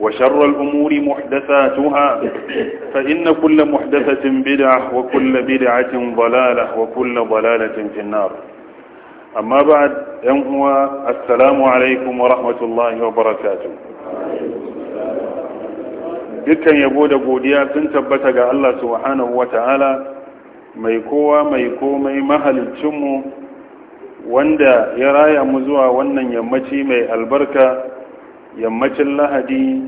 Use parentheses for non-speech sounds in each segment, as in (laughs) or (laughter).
وشر الأمور محدثاتها فإن كل محدثة بدعة وكل بدعة ضلالة وكل ضلالة في النار أما بعد ينهوى السلام عليكم ورحمة الله وبركاته بك يبود قوديا تنتبتك الله سبحانه وتعالى ميكوى ميكوى ميمها للتم واندى يرايا مزوى وانا يمتي مي البركة yammacin lahadi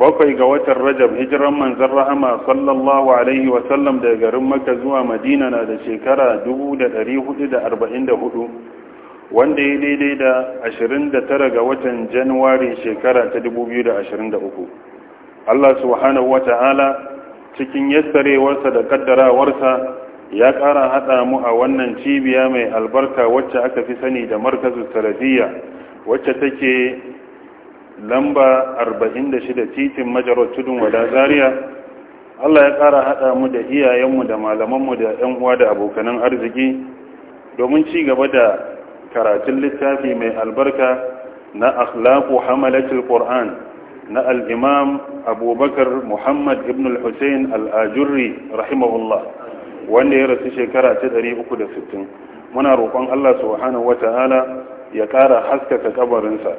bakwai ga watan rajab hijiran manzan rahama sallallahu alaihi wasallam daga garin maka zuwa madina na da shekara 444 wanda ya daidai da 29 ga watan januwari shekara ta 2023 allah subhanahu wa ta'ala cikin yassarewarsa da kaddarawarsa ya ƙara haɗa mu a wannan cibiya mai albarka wacce aka fi sani da markazin salafiya wacce take lamba 46 titin majarar tudun wada zaria Allah ya ƙara haɗa mu da iyayenmu da malamanmu da 'yan uwa da abokanan arziki domin ci gaba da karatun littafi mai albarka na akhlaqu hamalatul qur'an na al-imam abubakar muhammad ibn al-husayn al-ajurri rahimahullah wanda ya rasu shekara ta 360 muna roƙon Allah subhanahu wata'ala ya ƙara haskaka kabarinsa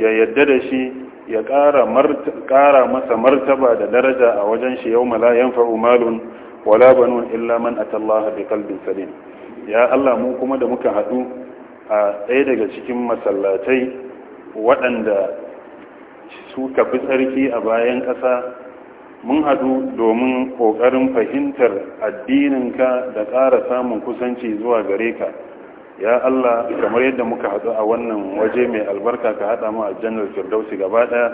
ya yadda da shi ya ƙara masa martaba da daraja a wajen shi yau mala yanfa umalun illa man atallaha bi qalbin salim ya Allah mu kuma da muka haɗu a ɗaya daga cikin masallatai waɗanda suka fi tsarki a bayan ƙasa mun haɗu domin ƙoƙarin fahimtar addininka da ƙara samun kusanci zuwa gare ka ya Allah kamar yadda muka haɗu a wannan waje mai albarka ka haɗa mu a Janar firdausi gaba ɗaya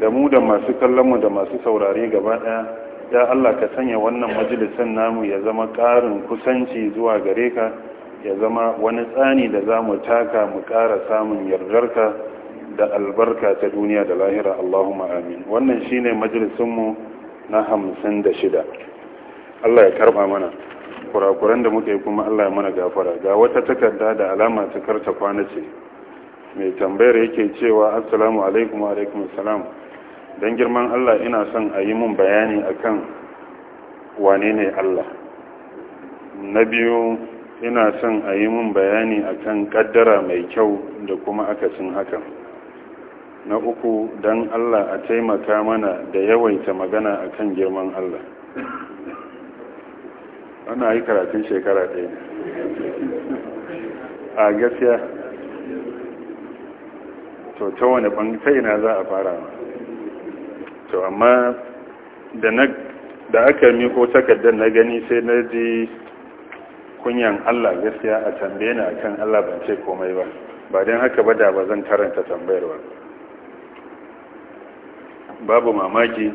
da mu da masu mu da masu saurare gaba ɗaya ya Allah ka sanya wannan majalisan namu ya zama ƙarin kusanci zuwa gare ka ya zama wani tsani da za mu taka mu ƙara samun yardarka da albarka ta duniya da lahira Allahumma amin wannan shine majalisinmu na hamsin da shida Allah ya karɓa mana kurakuran da muka yi kuma Allah ya mana gafara ga wata takarda da alama ta karta kwana ce mai tambayar yake cewa assalamu alaikum wa alaikum assalam dan girman Allah ina son a yi mun bayani akan wane ne Allah na biyu ina son a yi mun bayani akan kaddara mai kyau da kuma akasin hakan na uku dan Allah a taimaka mana da yawaita magana akan girman Allah ana yi karatun shekara ɗaya a gaskiya to ta wani bangai na za a fara to amma da aka miko takardar na gani sai na ji kunyan Allah gaskiya a tambaye ni akan Allah ban ce komai ba ba don haka ba da ba zan karanta tambayar ba babu mamaki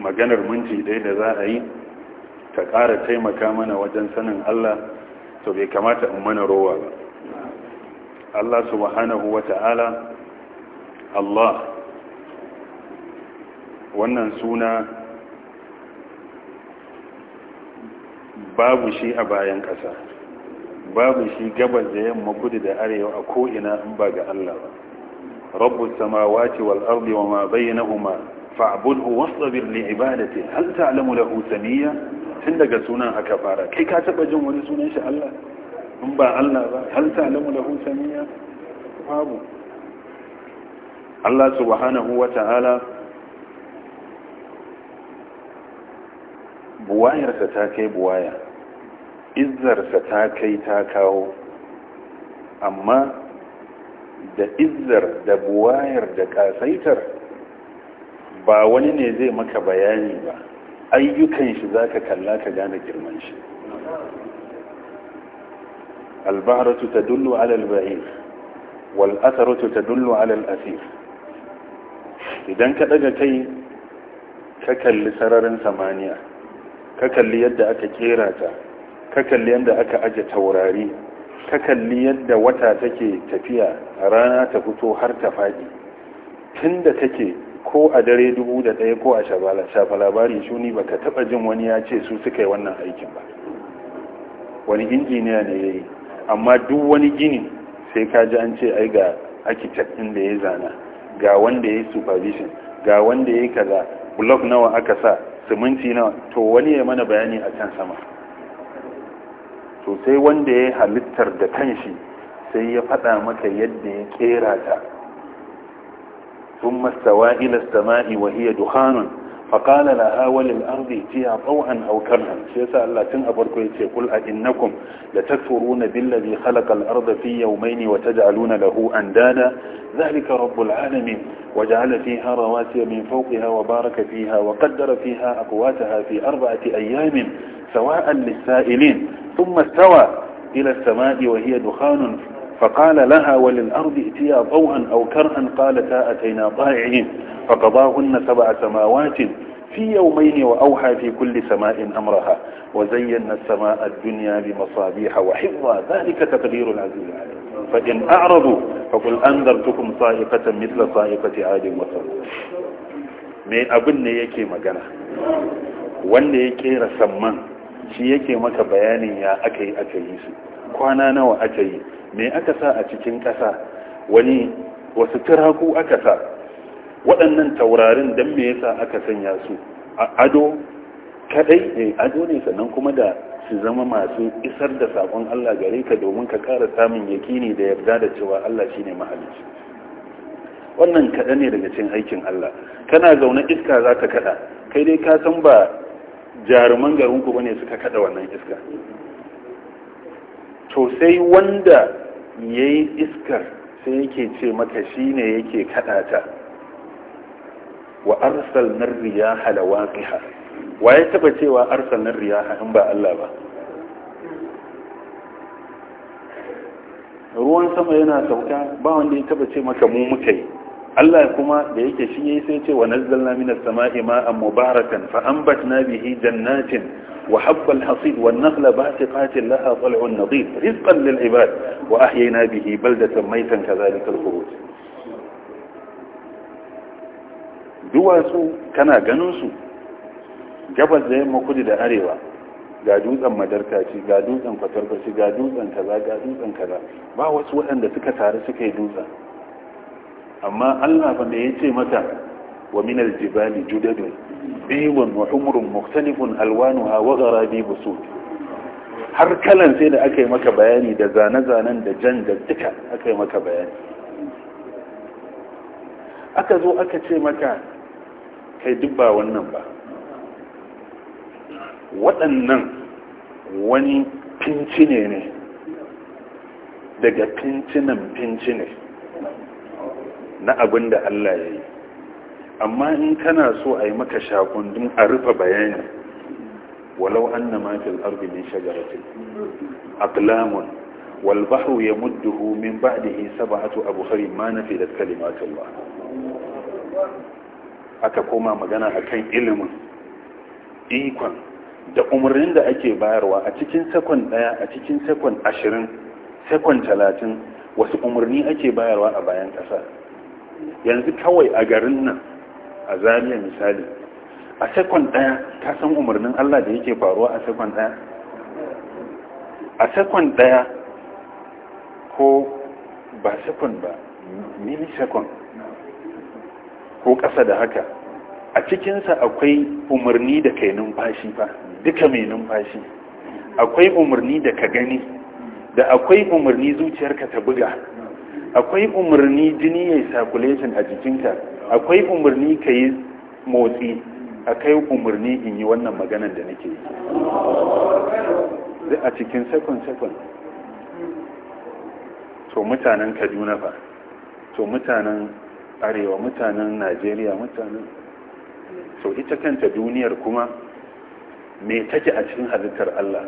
maganar minti ɗaya da za a yi ta ƙara taimaka mana wajen sanin Allah to bai kamata in mana rowa ba Allah subhanahu wa ta'ala Allah wannan suna babu shi a bayan ƙasa babu shi gabas da yamma kudu da arewa a ko'ina in ba ga Allah ba rabbus samawati wal ardi wa ma bainahuma fa'budhu wasbir li ibadati hal ta alamu da samiyya tun daga sunan aka fara kai ka taba jin wani sunan shi Allah in ba Allah ba hal ta alamu da samiyya babu Allah subhanahu wa ta'ala buwayarsa ta kai buwaya izzarsa ta kai ta kawo amma da izzar da buwayar da kasaitar ba wani ne zai maka bayani ba ayyukan shi za ka kalla ka gane girman shi albaharatu ta dullu alal ba'ir ta dullu alal asir idan ka daga kai ka kalli sararin samaniya ka kalli yadda aka kera ta ka kalli yadda aka aje taurari ka kalli yadda wata take tafiya rana ta fito har ta faɗi tun da take ko a dare dubu da ɗaya ko a shafa labari shuni ba ka taɓa jin wani ya ce su suka yi wannan aikin ba wani injiniya ne ya yi amma duk wani gini sai ka ji an ce ai ga architect ɗin da ya zana ga wanda ya yi supervision ga wanda ya yi kaza blok nawa aka sa siminti nawa to wani ya mana bayani a can sama to wanda ya halittar da kanshi sai ya faɗa maka yadda ya kera ta ثم استوى إلى السماء وهي دخان فقال لها وللأرض ائتيا طوعا أو كرها سيسا الله تنأبركم يقول أئنكم لتكفرون بالذي خلق الأرض في يومين وتجعلون له أندادا ذلك رب العالمين وجعل فيها رواسي من فوقها وبارك فيها وقدر فيها أقواتها في أربعة أيام سواء للسائلين ثم استوى إلى السماء وهي دخان فقال لها وللأرض ائتيا ضوءا أو كرها قالتا أتينا طائعين فقضاهن سبع سماوات في يومين وأوحى في كل سماء أمرها وزينا السماء الدنيا بمصابيح وحفظا ذلك تقدير العزيز العليم فإن أعرضوا فقل أنذرتكم صائقة مثل صائقة عاد وصل me abin yake magana wanda ya kera samman shi yake maka bayanin ya aka yi aka yi su kwana nawa aka yi me aka sa a cikin ƙasa wani wasu turaku aka sa waɗannan taurarin don me yasa aka sanya su a ado kadai ne ado ne sannan kuma da su zama masu isar da saƙon Allah gare ka domin ka ƙara samun yakini da yarda da cewa Allah shi ne mahalicci wannan kaɗa ne daga cin aikin Allah kana zaune iska za ka kaɗa kai dai ka san ba jaruman garinku ba ne suka kaɗa wannan iska to sai wanda ya yi iskar sai yake ce maka shi ne yake kaɗa ta wa arsalnar riyaha da ha wa ya taba cewa arsalnar riyaha in ba Allah ba ruwan sama yana sauka ba wanda ya taba ce maka mu muka Allah kuma da yake shi yayi sai ce wa nazzalna minas sama'i ma'an mubarakan fa anbatna bihi jannatin wa habbal hasid wan nakhla basiqatin laha tal'un nadid rizqan lil ibad wa ahyayna bihi baldatan maytan kadhalika al khuruj duwatsu kana ganin su gabas da yamma kudu da arewa ga dutsen madarkaci ga dutsen kwatarkwaci ga dutsen kaza ga dutsen kaza ba wasu waɗanda suka taru suka yi dutsen amma Allah ba me yace mata wa min jibali judadun biwan wa humrun mukhtalifun alwanuha wa gharabi busud har kalan sai da aka yi maka bayani da zane-zanen da jan da duka aka yi maka bayani aka zo aka ce maka kai duk wannan ba waɗannan wani pinci ne daga pincinan pinci ne na abin da Allah ya yi amma in kana so a yi maka shakundun a rufe bayani walau an na mafil arbi min shagaratin aqlamun wal bahru yamudduhu min to abu hari ma kalimatun ba. aka koma magana a kan ilimin ikon da umarnin da ake bayarwa a cikin sekon daya a cikin sekon ashirin sekon talatin wasu umarni ake bayarwa a bayan ƙasa yanzu kawai a garin nan a zaniya misali a sekon ɗaya ka san umarnin Allah da yake faruwa a sekon ɗaya a sekon ɗaya ko ba sekon ba mini sekon ko ƙasa da haka a cikinsa akwai umarni da kai numfashi ba, duka mai numfashi akwai umarni da ka gani da akwai umarni zuciyarka ta buga akwai umarni jini ya yi circulation a jikinka akwai umarni ka yi motsi kai umarni in yi wannan maganan da nake yi a cikin second-second to mutanen kaduna fa to mutanen arewa mutanen najeriya mutanen so ita kanta duniyar kuma me take a cikin halittar allah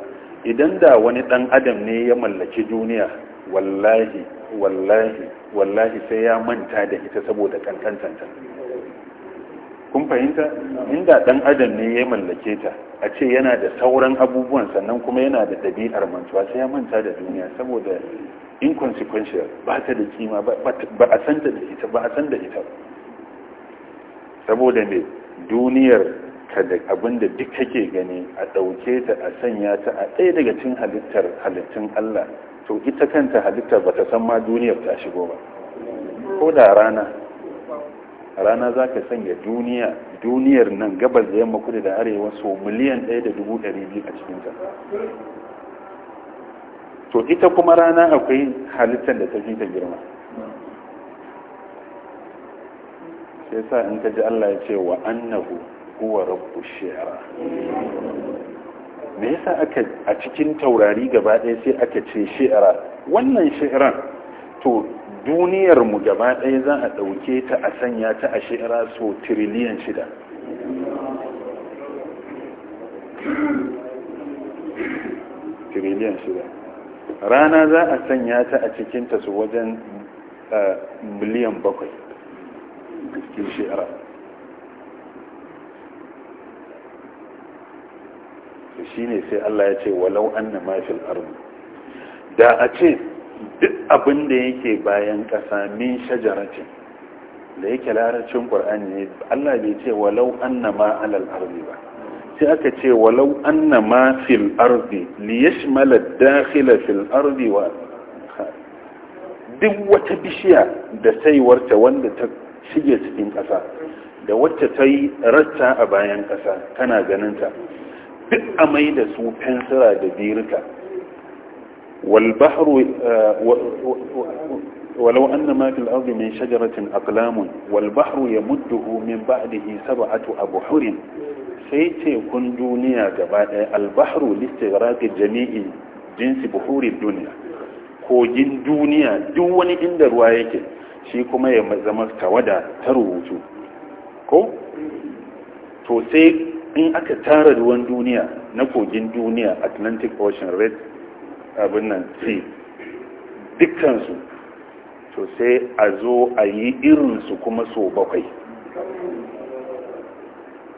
idan da wani dan adam ne ya mallaki duniya wallahi wallahi wallahi sai ya manta da ita saboda kankantanta kun fahimta inda dan adam ne ya mallake ta a ce yana da sauran abubuwan sannan kuma yana da dabi'ar mantuwa sai ya manta da duniya saboda inconsequential ba ta da kima ba a san da ita ba a san da ita saboda ne duniyar ta da abinda duk kake gani a ɗauke ta a sanya ta a ɗaya daga cin halittar halittun Allah to ita kanta halittar ba ta san ma duniyar ta shigo ba ko da rana rana za ka sanya duniya duniyar nan gabas da yamma kudu da arewa so miliyan ɗaya da dubu ɗari biyu a cikinta to ita kuma rana akwai halittar da ta fi ta girma sai sa in ka ji Allah ya ce wa annahu huwa rabbu shi'ra me yasa aka a cikin taurari gaba ɗaya sai aka ce shi'ra wannan shi'ran to duniyar mu gaba ɗaya za a ɗauke ta a sanya ta a shi'ra so tiriliyan shida trillion shida rana za a sanya ta a cikinta su wajen eh, miliyan bakwai cikin shi'ra shine sai Allah ya ce walau anna ma fil ardi da a ce duk abin da yake bayan kasa min shajaratin da yake larabcin qur'ani ne Allah bai ce walau anna ma alal ardi ba sai aka ce walau anna ma fil ardi li ad-dakhila fil ardi wa duk wata bishiya da saiwarta wanda ta shige cikin kasa da wacce ta yi ratta a bayan kasa kana ganin ta duk a mai da su fensira da birka eh, walau an na makil arzi min shajaratin aklamun walbahru ya mudduhu min ba'dihi a abuhurin sai tekun duniya gaba ɗaya albahru liste ragin jami'in jinsi buhurin duniya kogin duniya duk wani inda ruwa yake shi kuma ya zama tawada ta rubutu ko to sai in aka tara ruwan duniya na kogin duniya atlantic ocean red abin nan sea dukkansu to sai a zo a yi irinsu kuma so bakwai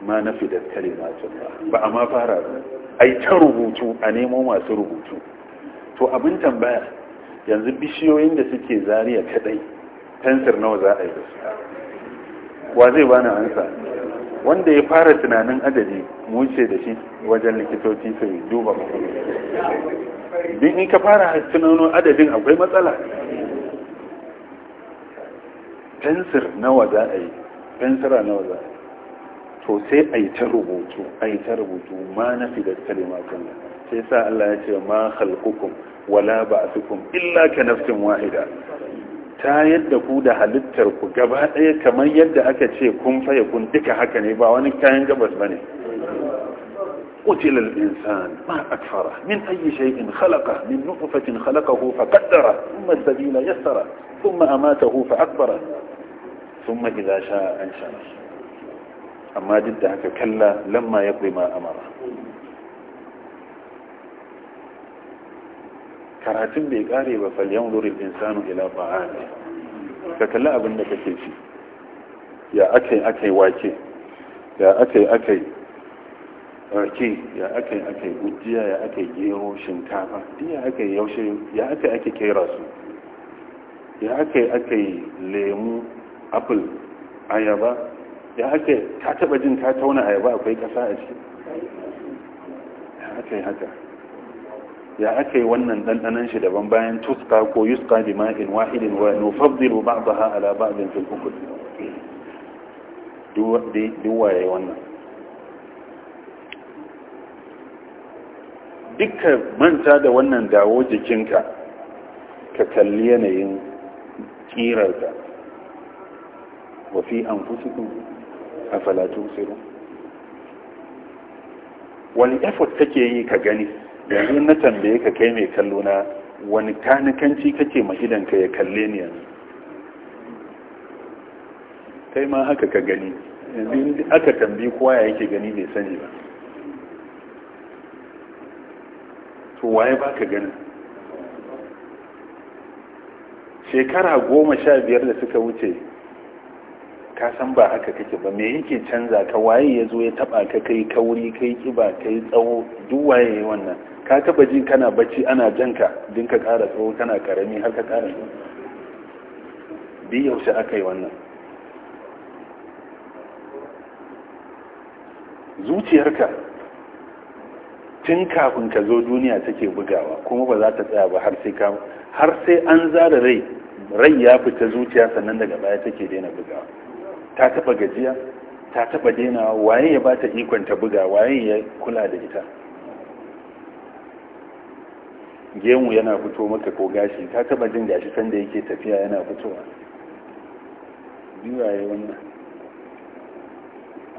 ma na fidar kalimatin ba ba a ma fara ba a yi ta rubutu a nemo masu rubutu to abin tambaya yanzu bishiyoyin da suke zariya kadai fensir nawa za a yi da su wa zai bani ansa wanda ya fara tunanin adadi mu ce da shi wajen likitoci su duba din in ka fara tunanin adadin akwai matsala fensir nawa za a yi fensira nawa za to sai a yi ta rubutu a yi ta rubutu ma na fi da kalima kan sai sa Allah ya ce ma halkukum wala ba'athukum illa ka nafsin wahida ta yadda ku da halittar ku gaba ɗaya kamar yadda aka ce kun faye kun duka haka ne ba wani kayan gabas ba ne قتل الإنسان ما أكفره من أي شيء خلقه من نطفة خلقه فقدره ثم السبيل يسره ثم أماته فأكبره ثم إذا شاء أنشره أما جد كلا لما يقضي ما أمره karatun bai kare ba falyan lurin insanu ila ba'ani ka kalli abin da kake ci ya ake ake wake ya ake ake rake ya ake ake gujiya ya ake gero shinkafa ya ake yaushe ya akai ake kera su ya ake ake lemu apple ayaba ya ake ka taba jin ka tauna ayaba akwai kasa a ciki ya ake haka ya aka yi wannan ɗanɗanan shi daban bayan tuska ko yuska jima'in wahidin wa nufaddilu ba'daha ala ba'din fil ukul duk waye wannan dukkan manta da wannan dawo jikinka ka kalli yanayin kirarka wa fi a afala tusiru wani effort kake yi ka gani yanzu na tambaye ka kai mai kallo na wani kanikanci kake ma ya kalle ni yanzu kai ma haka ka gani yanzu aka tambi kowa ya yake gani bai sani ba to waye baka gani shekara goma sha biyar da suka wuce ka san ba haka kake ba me yake canza ka waye ya zo ya taba ka kai kauri kai kiba kai tsawo duk waye ya wannan ka taba jin kana bacci ana janka din ka kara tsawo kana karami har ka kara tsawo bi yaushe aka yi wannan zuciyarka tun kafin ka zo duniya take bugawa kuma ba za ta tsaya ba har sai ka har sai an zara rai rai ya fita zuciya sannan daga baya take daina bugawa ta taba gajiya ta taba dena waye ya bata ikon ta buga waye ya kula da ita gemu yana fito maka ko gashi ta taba jin gashi sanda yake tafiya yana fitowa biwaye wannan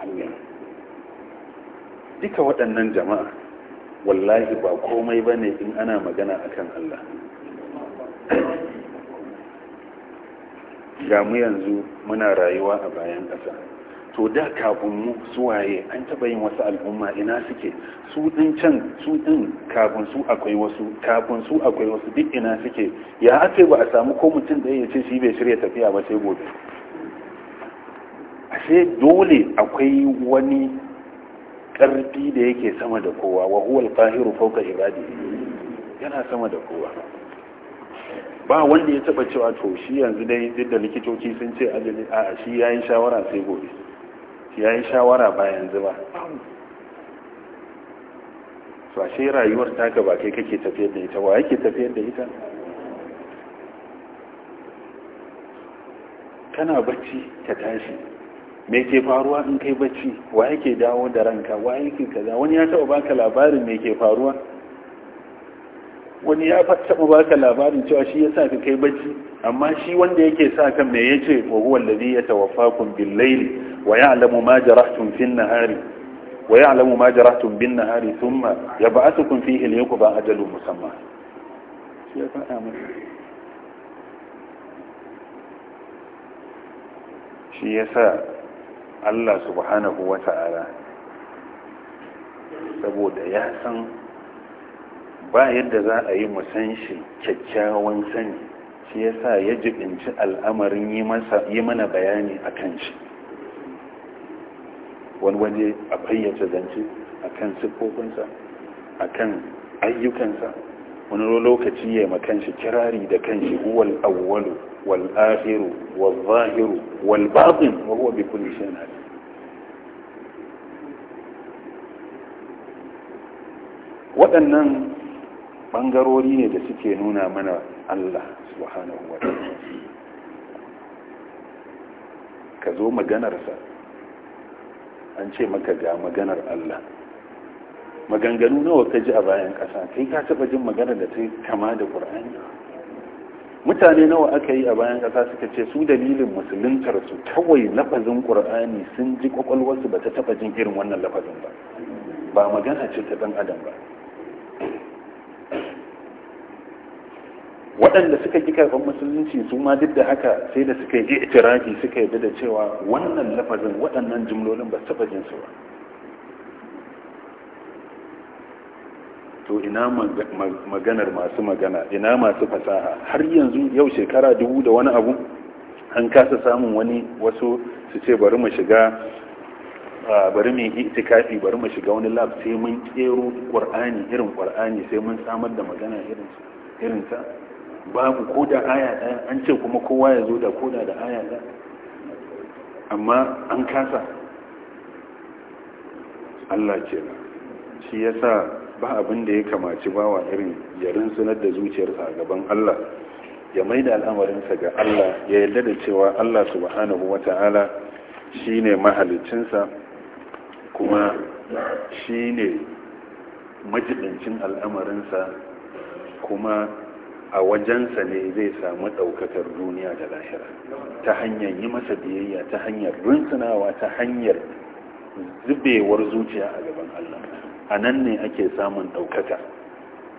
amin duka waɗannan jama'a wallahi ba komai ba ne in ana magana akan allah ga mu yanzu muna rayuwa a bayan ƙasa to da kafin mu suwaye an taɓa yin wasu al'umma ina suke su ɗin can su ɗin kafin su akwai wasu kafin su akwai wasu duk ina suke ya ake ba a samu ko mutum da ya ce shi bai shirya tafiya ba sai gobe ashe dole akwai wani ƙarfi da yake sama da kowa wa huwal qahiru fawqa ibadihi yana sama da kowa ba wanda ya taba cewa to shi yanzu dai duk da likitoci sun ce ajali a shi yayi shawara sai gobe shi yayi shawara ba yanzu ba to shi rayuwar taka ba kai kake tafiyar da ita wa yake tafiyar da ita kana bacci ka tashi me ke faruwa in kai bacci wa yake dawo da ranka wa yake kaza wani ya taba baka labarin me ke faruwa wani ya taɓa baka labarin cewa shi ya sa ka kai bacci amma shi wanda yake sa kan me yace wa huwa allazi yatawaffakum bil layli wa ya'lamu ma jarahtum fin nahari wa ya'lamu ma jarahtum bin nahari thumma yab'athukum fihi liyaqba ajalun musamma shi ya faɗa masa shi ya sa Allah subhanahu wa ta'ala saboda ya san ba yadda za a yi musanshi san shi kyakkyawan sani shi ya sa ya jibinci al'amarin yi mana bayani a kan shi wani waje a fayyace zance a kan siffofinsa a kan ayyukansa wani lokaci ya makan shi kirari da kan shi wal awwalu wal ahiru wal zahiru wal babin wa bi kulli shay'in waɗannan bangarori ne da suke nuna mana Allah subhanahu wa ta'ala ka zo maganarsa an ce maka ga maganar Allah maganganu nawa ka ji a bayan ƙasa kai ka taɓa jin maganar da ta kama da ƙur'ani mutane nawa aka yi a bayan kasa suka ce su dalilin musuluntarsu kawai lafazin ƙur'ani sun ji ƙwaƙwalwarsu ba ta taɓa jin irin wannan lafazin ba ba magana ce ta ɗan adam ba waɗanda suka ƙi karɓar musulunci su ma duk da haka sai da suka yi itirafi suka yi da cewa wannan lafazin waɗannan jimlolin ba su fajin su ba to ina maganar masu magana ina masu fasaha har yanzu yau shekara dubu da wani abu an kasa samun wani wasu su ce bari mu shiga bari mu yi itikafi bari mu shiga wani lab sai mun kero qur'ani irin qur'ani sai mun samar da magana irin irin babu ko da aya ɗaya an ce kuma kowa ya zo da koda da aya ɗaya amma an kasa Allah ce shi ya sa ba abin da ya kamaci bawa irin yarin sunar da zuciyarsa a gaban Allah ya mai da al'amarinsa ga Allah ya yarda da cewa Allah subhanahu wa ta'ala shi ne mahalicinsa kuma shi ne majiɗancin al'amarinsa kuma a wajensa ne zai samu ɗaukakar duniya da lahira ta hanyar yi masa biyayya ta hanyar rinsunawa ta hanyar zubewar zuciya a gaban Allah a nan ne ake samun ɗaukaka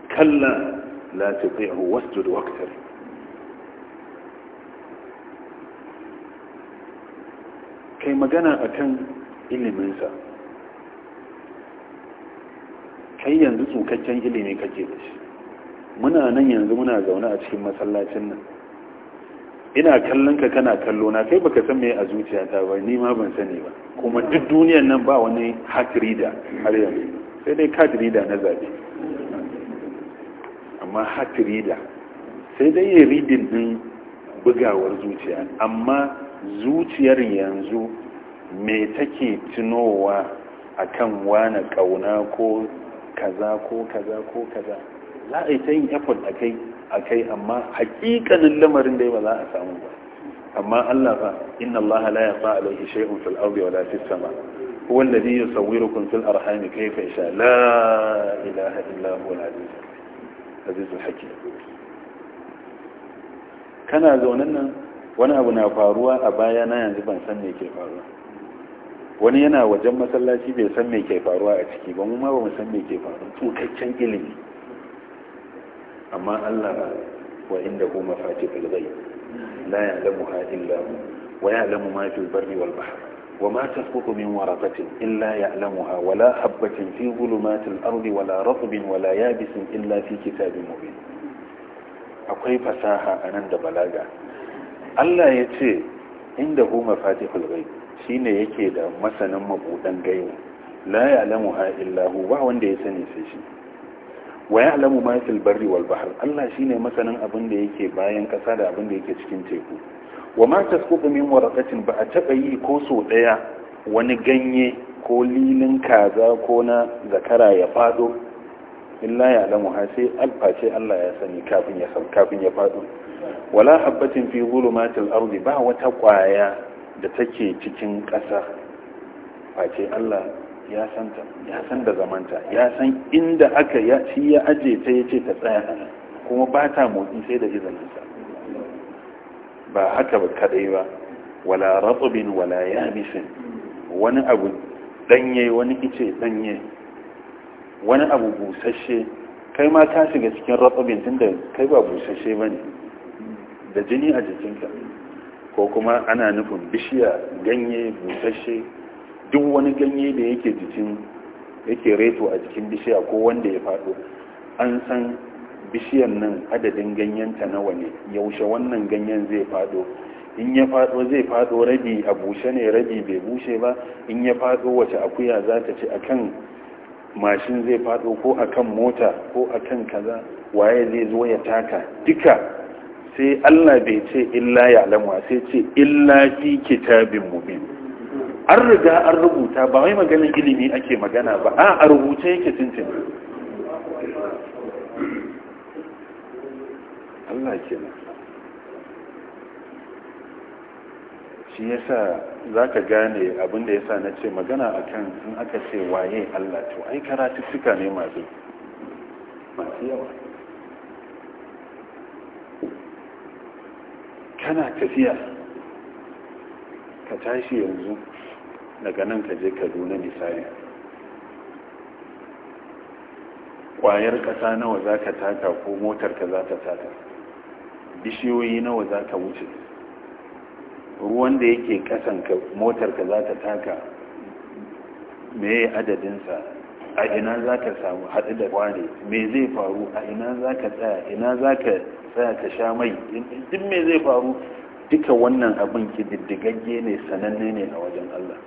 kalla la a wasjud waqtar kai magana akan iliminsa kai yanzu tsukakken ilimi kake da shi muna nan yanzu muna zaune a cikin masallacin nan ina kallon ka kana kallo na kai baka san me a zuciyata ba ni ma ban sani ba kuma duk duniyar nan ba wani heart reader har yanzu sai dai card reader na zabe amma heart reader sai dai ya reading din bugawar zuciya amma zuciyar yanzu me take tunowa akan wani kauna ko kaza ko kaza ko kaza za a yi ta yin effort a kai a kai amma hakikanin lamarin dai ba za a samu ba amma Allah fa inna Allah la yafa alayhi shay'un fil ardi wala fis sama huwa alladhi yusawwirukum fil arhami kayfa yasha la ilaha illa huwa al aziz aziz al hakim kana zaunan nan wani abu na faruwa a baya na yanzu ban san me ke faruwa wani yana wajen masallaci bai san me ke faruwa a ciki ba mu ma ba mu san me ke faruwa Tukakken ilimi amma allah wa inda ku mafati filgai la ya'lamu ha illa hu wa ya'lamu ma fi barri wal wa ma tasbuqu min waraqatin illa ya'lamuha wa la habbatin fi zulumatil ardi wa la ratbin wa la yabisin illa fi kitabin mubin akwai fasaha anan da balaga allah ya ce inda hu mafati filgai shine yake da masana'n mabuɗan gaiwa la ya'lamu ha illa hu ba wanda ya sani sai shi wa alamu ma fil barri wal bahr Allah shine masanin abin da yake bayan kasa da abin da yake cikin teku wa ma tasqutu min waraqatin ba a taba yi ko so daya wani ganye ko lilin kaza ko na zakara ya fado illa ya alamu ha sai alface Allah ya sani kafin ya san kafin ya fado wala habatin fi zulumatil ardi ba wata kwaya da take cikin kasa face Allah ya san ta ya san da zamanta ya san inda aka ya shi ya aje ta yace ta tsaya nan kuma ba ta motsi sai da izinin sa ba haka ba kadai ba wala ratbin wala yabisin wani abu danye wani ice danye wani abu busasshe kai ma ka shiga cikin ratbin tunda kai ba busasshe bane da jini a jikinka ko kuma ana nufin bishiya ganye busasshe duk wani ganye da yake jikin yake reto a jikin bishiya ko wanda ya faɗo an san bishiyar nan adadin ganyenta nawa ne yaushe wannan ganyen zai faɗo in ya faɗo zai faɗo rabi a bushe ne rabi bai bushe ba in ya faɗo wace akuya za ta ci akan mashin zai faɗo ko akan mota ko akan kaza waye zai zo ya taka duka sai Allah bai ce illa ya sai ce illa fi kitabin mubin an riga an rubuta ba wai maganin ilimi ake magana ba a rubuce yake tuntun Allah ke kenan shi ya sa za ka gane abin da na ce magana a kan in aka ce waye Allah to ai karatuttuka ne masu masu yawa kana tafiya ka tashi yanzu daga nan ka je kaduna misali ƙwayar ƙasa nawa za ka taka ko motarka za ta taka bishiyoyi nawa za ka wuce ruwan da yake motar motarka za ta taka me adadinsa a ina za ka samu haɗu da wane me zai faru a ina za ka tsaya ina za ka tsaya ka sha mai duk me zai faru duka wannan abin ki diddigagge ne sananne ne a wajen Allah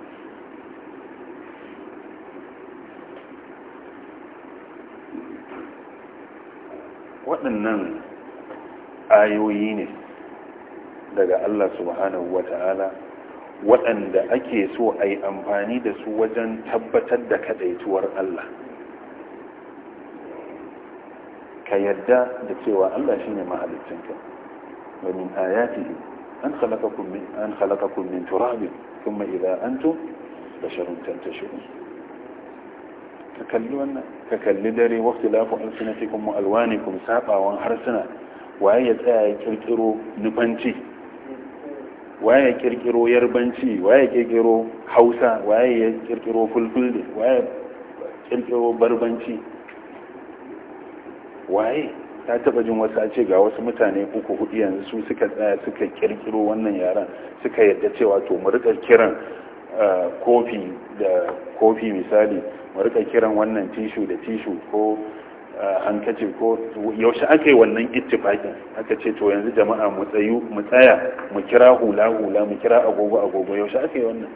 waɗannan ayoyi ne daga Allah subhanahu wa ta'ala waɗanda ake so a yi amfani da su wajen tabbatar da kadaituwar Allah ka yadda da cewa Allah shi ne mahalicinka wa min an khalaqakum min an kuma min turabin thumma idha antum basharun ka kalli wannan ka kalli dare wakti lafu alsinatikum wa kuma sabawan harsuna waye ya tsaya ya kirkiro nufanci waye ya kirkiro yarbanci waye ya kirkiro hausa waye ya kirkiro fulfulde waye kirkiro barbanci waye ta taba jin wasu a ce ga wasu mutane uku hudu yanzu su suka tsaya suka kirkiro wannan yaran suka yadda cewa to mu rika kiran eh, kofi da kofi misali mu rika kiran wannan tishu da tishu ko eh, hankacin ko yaushe aka yi wannan ittifakin aka ce to yanzu jama'a mu tsayu mu tsaya mu kira hula hula mu kira agogo agogo yaushe aka yi wannan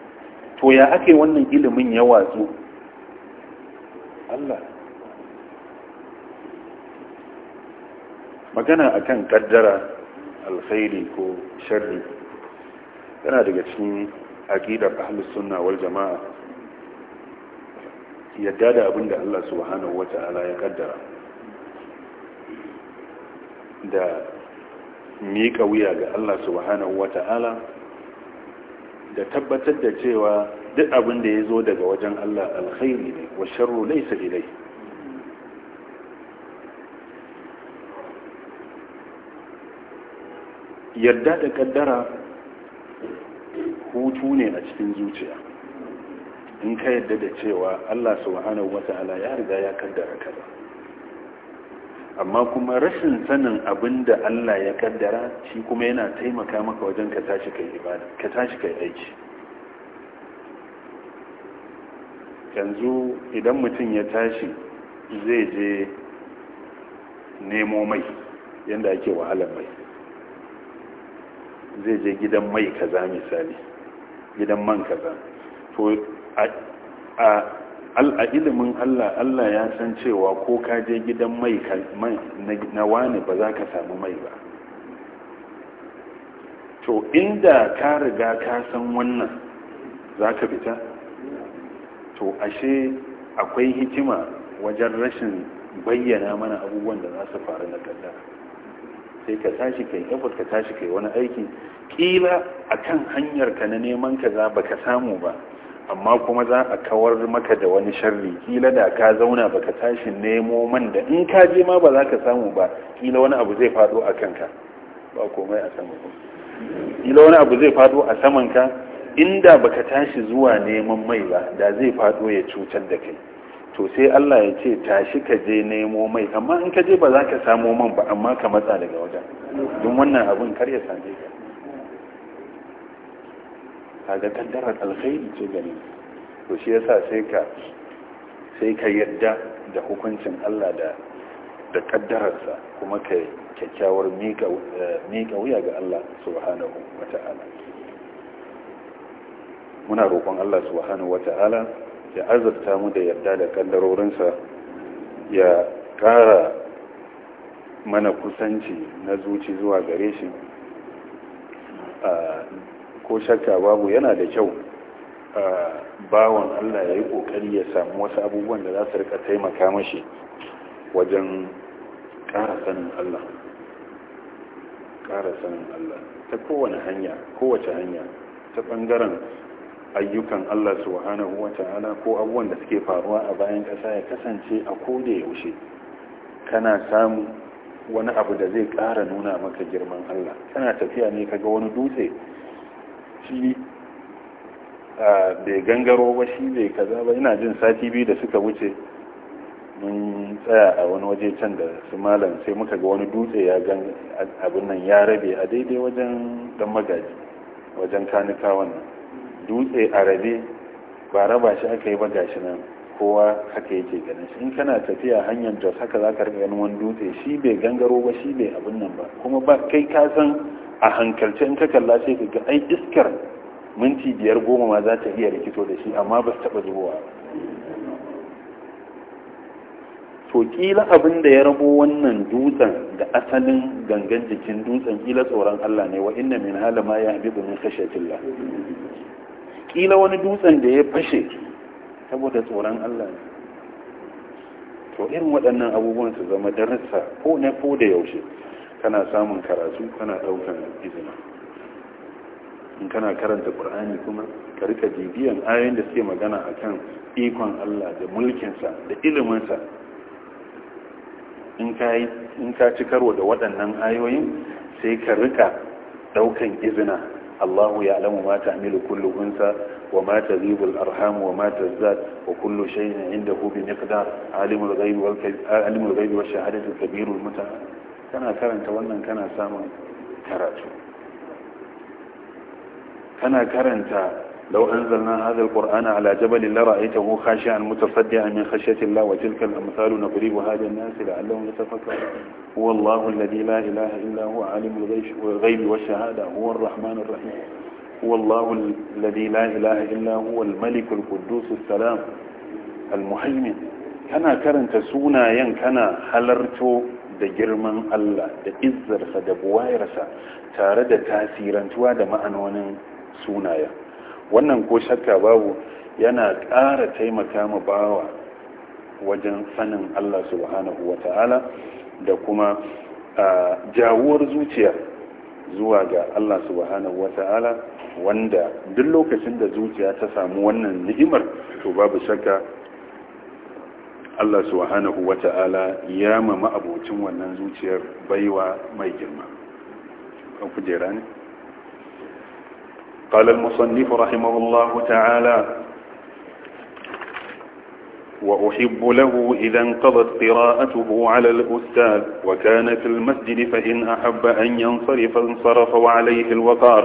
to ya aka yi wannan ilimin ya watsu Allah magana akan kaddara alkhairi ko sharri yana daga cikin aqidar ahlus sunna wal jama'a yadda da abin da Allah subhanahu wa ta'ala ya kaddara da miƙa wuya ga Allah subhanahu wa ta'ala da tabbatar da cewa duk abin da ya zo daga wajen Allah alkhairi ne wa sharru laysa ilai yadda da kaddara hutu ne a cikin zuciya in ka yadda da cewa Allah subhanahu wata'ala ya riga ya kaddara kaza amma kuma rashin sanin abin da Allah ya kaddara shi kuma yana taimaka maka wajen ka tashi kai ibada ka tashi kai aiki yanzu idan mutum ya tashi zai je nemo mai yadda ake wahalar mai zai je gidan mai kaza misali gidan man kaza a ilimin Allah Allah ya san cewa ko ka je gidan mai na wani ba za ka samu mai ba to inda ka riga ka san wannan za ka fita to ashe akwai hikima wajen rashin bayyana mana abubuwan da za su faru na kalla, sai ka tashi kai effort ka tashi kai wani aiki kila akan hanyar ka na neman kaza baka samu ba amma kuma za a kawar maka da wani sharri kila da ka zauna baka tashi nemo man da in ka je ma ba za ka samu ba kila wani abu zai fado a kanka ba komai a saman ka kila wani abu zai fado a saman ka inda baka tashi zuwa neman mai ba da zai fado ya cutar da kai to sai Allah ya ce tashi ka je nemo mai amma in ka je ba za ka samu man ba amma ka matsa daga wajen don wannan abin kar ya same ka kaga kaddarar alkhairi ce gani to shi yasa sai ka sai ka yadda da hukuncin Allah da da kaddararsa kuma ka kyakkyawar mika eh, wuya ga Allah subhanahu wata'ala muna roƙon Allah subhanahu wata'ala ya azurta mu da yarda da kaddarorinsa ya ƙara mana kusanci na zuci zuwa gare shi ko shakka babu yana da kyau a bawon Allah ya yi ƙoƙari ya samu wasu abubuwan da za su rika taimaka mashi wajen ƙara sanin Allah ƙara sanin Allah ta kowane hanya kowace hanya ta ɓangaren ayyukan Allah subhanahu wa ko abubuwan da suke faruwa a bayan ƙasa ya kasance a koda yaushe kana samu wani abu da zai ƙara nuna maka girman Allah kana tafiya ne kaga wani dutse shi bai gangaro ba shi bai kaza ba ina jin sati biyu da suka wuce mun tsaya a wani waje can da su malam sai muka ga wani dutse ya gan abin nan ya rabe a daidai wajen dan magaji wajen kanuka wannan dutse a rabe ba raba shi aka yi ba gashi nan kowa haka yake ganin shi in kana tafiya hanyar jos haka za ka rika ganin wani dutse shi bai gangaro ba shi bai abin nan ba kuma ba kai ka san a hankalce in ka kalla sai ka ga ai iskar minti biyar goma ma za ta iya rikito da shi amma ba su taɓa zuwa ba to kila abin da ya rabo wannan dutsen da asalin gangan jikin dutsen kila tsoron Allah ne wa inna min halama ya habibu min khashyatillah kila wani dutsen da ya fashe saboda tsoron Allah ne to irin waɗannan abubuwan su zama darussa ko na ko da yaushe kana samun karatu kana ɗaukar izina in kana karanta ƙur'ani kuma ka rika bibiyan ayoyin da suke magana a kan ikon Allah da mulkinsa da iliminsa in ka ci karo da waɗannan ayoyin sai ka rika ɗaukan izina Allahu ya alamu mata amilu kullu unsa وما تذيب الأرحام وما تزداد وكل شيء عنده بمقدار عالم الغيب عالم الغيب والشهادة الكبير المتعال كان كرنت وانا كان سام karatu كان كرنت لو أنزلنا هذا القرآن على جبل لرأيته خاشعا متصدعا من خشية الله وتلك الأمثال هذا للناس لعلهم يتفكرون هو الله الذي لا إله إلا هو عالم الغيب والشهادة هو الرحمن الرحيم هو الله الذي لا إله إلا هو الملك القدوس السلام المهيمن كان كرنت سونا ين كان حلرتو da girman Allah da izzarsa da buwayarsa tare da tasirantuwa da ma'anonin sunaya wannan ko shakka babu yana ƙara taimaka ma bawa wajen sanin Allah subhanahu wa ta'ala da kuma jawuwar zuciya zuwa ga Allah subhanahu wa ta'ala wanda duk lokacin da zuciya ta samu wannan ni'imar to babu shakka Allah subhanahu wata'ala ya mama abocin wannan zuciyar baiwa mai girma kan kujera ne قال المصنف رحمه الله تعالى وأحب له إذا انقضت قراءته على الأستاذ وكان في المسجد فإن أحب أن ينصرف انصرف وعليه الوقار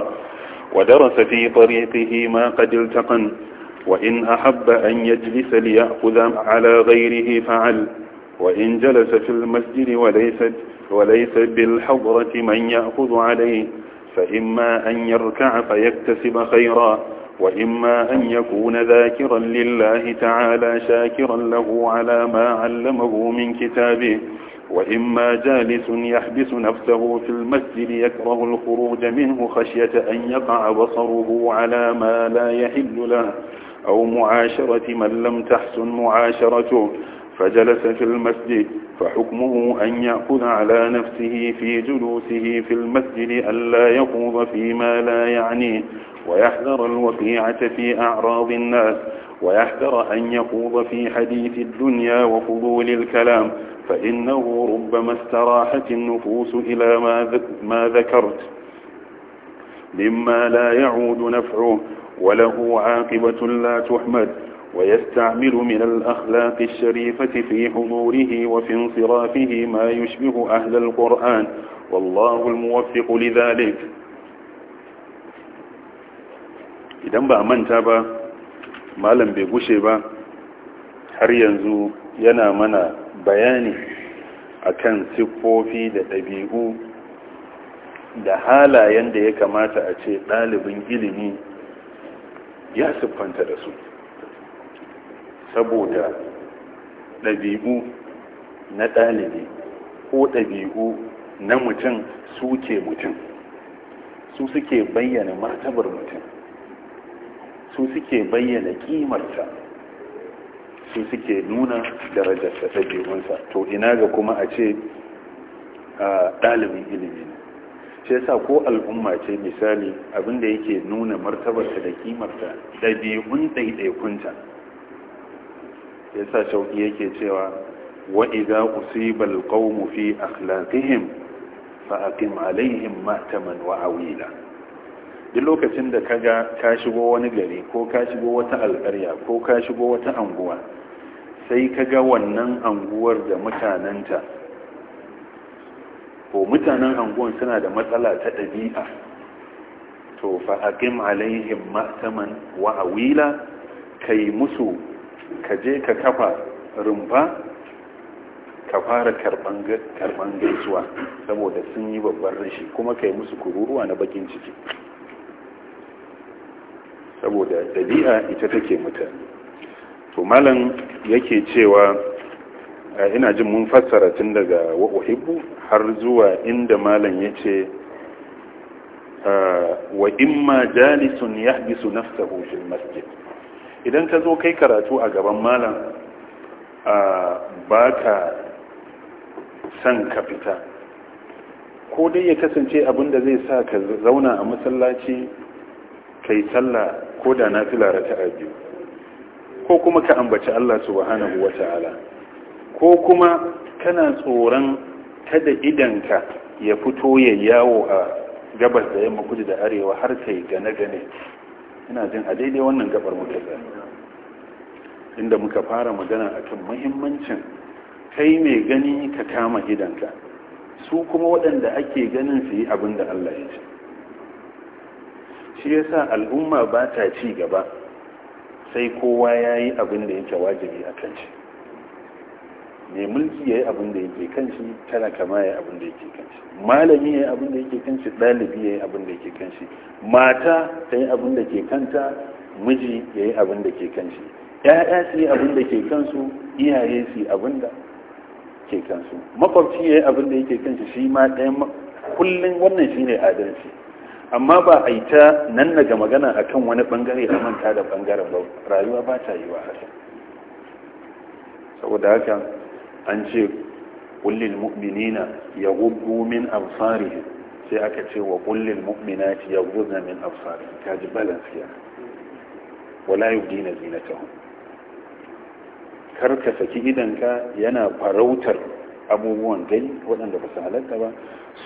ودرس في طريقه ما قد التقن وإن أحب أن يجلس ليأخذ على غيره فعل وإن جلس في المسجد وليس, وليس بالحضرة من يأخذ عليه فإما أن يركع فيكتسب خيرا وإما أن يكون ذاكرا لله تعالى شاكرا له على ما علمه من كتابه وإما جالس يحبس نفسه في المسجد يكره الخروج منه خشية أن يقع بصره على ما لا يحل له أو معاشرة من لم تحسن معاشرته فجلس في المسجد فحكمه أن يأخذ على نفسه في جلوسه في المسجد ألا يخوض فيما لا يعنيه ويحذر الوقيعة في أعراض الناس ويحذر أن يخوض في حديث الدنيا وفضول الكلام فإنه ربما استراحت النفوس إلى ما ذكرت مما لا يعود نفعه وله عاقبة لا تحمد ويستعمل من الأخلاق الشريفة في حضوره وفي انصرافه ما يشبه أهل القرآن والله الموفق لذلك إذا ba من ba malam bai gushe ba har yanzu bayani akan siffofi da ɗabi'u da halayen da ya kamata a ce ɗalibin ilimi ya siffanta da su saboda ɗabi'u na ɗalibi ko ɗabi'u na mutum suke mutum su suke bayyana martabar mutum su suke bayyana kimarta su suke nuna darajarsa ta ɗabi'unsa to ina ga kuma a ce ɗalibin ilimi ne shi yasa ko al'umma ce misali abinda yake nuna martabarta da kimarta ɗabi'un ɗaiɗaikunta yasa shauƙi yake cewa wa iza usibal qawmu fi akhlaqihim fa aqim alaihim ma'taman wa awila duk lokacin da kaga ka shigo wani gari ko ka shigo wata alƙarya ko ka shigo wata anguwa sai ka ga wannan anguwar da mutanenta ko mutanen anguwar suna da matsala ta ɗabi'a to fa'aƙim alaihim ma'taman wa'awila ka yi musu ka je ka kafa rumfa ka fara karɓan gaisuwa saboda sun yi babban rashi kuma ka yi musu kururuwa na bakin ciki saboda ɗabi'a ita take mutane to malam yake cewa eh, ina jin mun fassara tun daga wa'uhibbu har zuwa inda malam ya ce eh, wa imma jalisun ya bisu nafsahu fil masjid idan ka zo kai karatu a gaban malam eh, ba ka san ka fita ko dai ya kasance abin da zai sa ka zauna a masallaci kai sallah ko da na fila ta biyu ko kuma ka ambaci Allah subhanahu wa ta'ala ko kuma kana tsoron kada idanka ya fito ya yawo a gabas da yamma kudu da arewa har kai gane-gane ina jin a daidai wannan gabar muka inda muka fara magana a kan muhimmancin kai mai gani ka kama idanka su kuma waɗanda ake ganin su yi abin da Allah ya ce shi yasa al'umma ba ta ci gaba sai kowa ya yi abin da yake wajibi a kan shi mai mulki ya yi abin da yake kan shi talaka ma ya yi abin da yake kan shi malami ya yi abin da yake kan shi ɗalibi ya yi abin da yake kan shi mata ta yi abin da ke kanta miji ya yi abin da ke kan shi ‘ya'ya su yi abin da ke kansu iyaye su yi abin da ke kansu makwabci ya yi abin da yake shi shi ma ɗaya kullum wannan shi ne adalci amma ba a yi ta nan naga magana a kan wani bangare a manta da bangaren ba rayuwa ba ta yi wa haka saboda haka an ce ƙullin mu'minina ya gugu min amfari sai aka ce wa ƙullin mu'minati ya gudu min ka ta ji balance ya wala yi dina hun karka saki idanka yana farautar abubuwan gani waɗanda ba su halatta ba